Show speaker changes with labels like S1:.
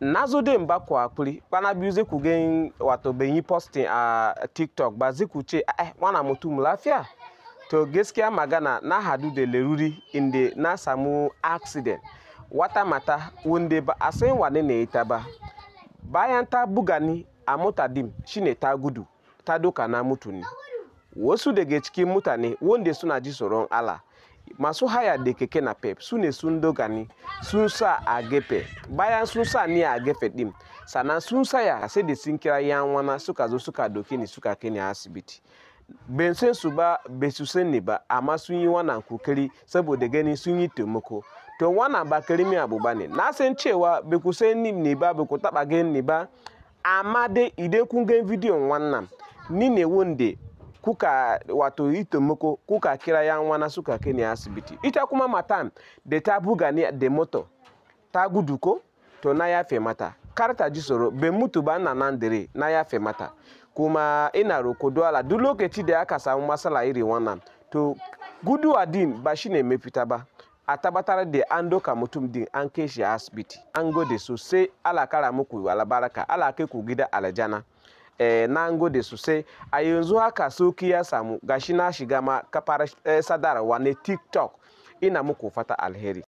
S1: nazo de mbakwa akpiri pana biuze kugen wato benyi posting a tiktok ba zikuce eh wana mutum lafiya to gaskiya magana na hadu da leruri inda na samu accident wata mata wanda ba a san wane ne ita ba bayan ta buga ni a mota dim shine ta gudu ta doka na mutu ne wasu daga cikin mutane wanda suna ji tsoron Allah ma ha ya da keke na pep su ne sun doga ni su sa a gefe bayan sun sa ni a gefe din sannan sun saya sai da sun kira yan wana suka zo suka doke ni suka kai ni asibiti ban san su ba besu sen ni ba amma sun yi wannan kokari saboda ganin sun yi taimako to wannan ba karimi abu ne na san cewa bai ku ni ne ba bai taba gani ni ba amma dai idan kun ni ne kuka wato yi tumuko kuka kira yan wana suka kai ni asibiti ita kuma matan da ta buga ni da moto ta gudu ko to na yafe mata kar ji soro mutu ba na nan dare na yafe mata kuma ina roko dola duk lokaci da aka samu matsala irin wannan to guduwa din ba shine mafita ba a tabbatar da an doka mutum din an kai shi asibiti an gode sosai ala kara muku alabaraka ala kai ku gida alajana Eh, na gode sosai a yanzu haka soki ya samu gashi na shiga ma kafar eh, sadarwa na tiktok ina muku fata alheri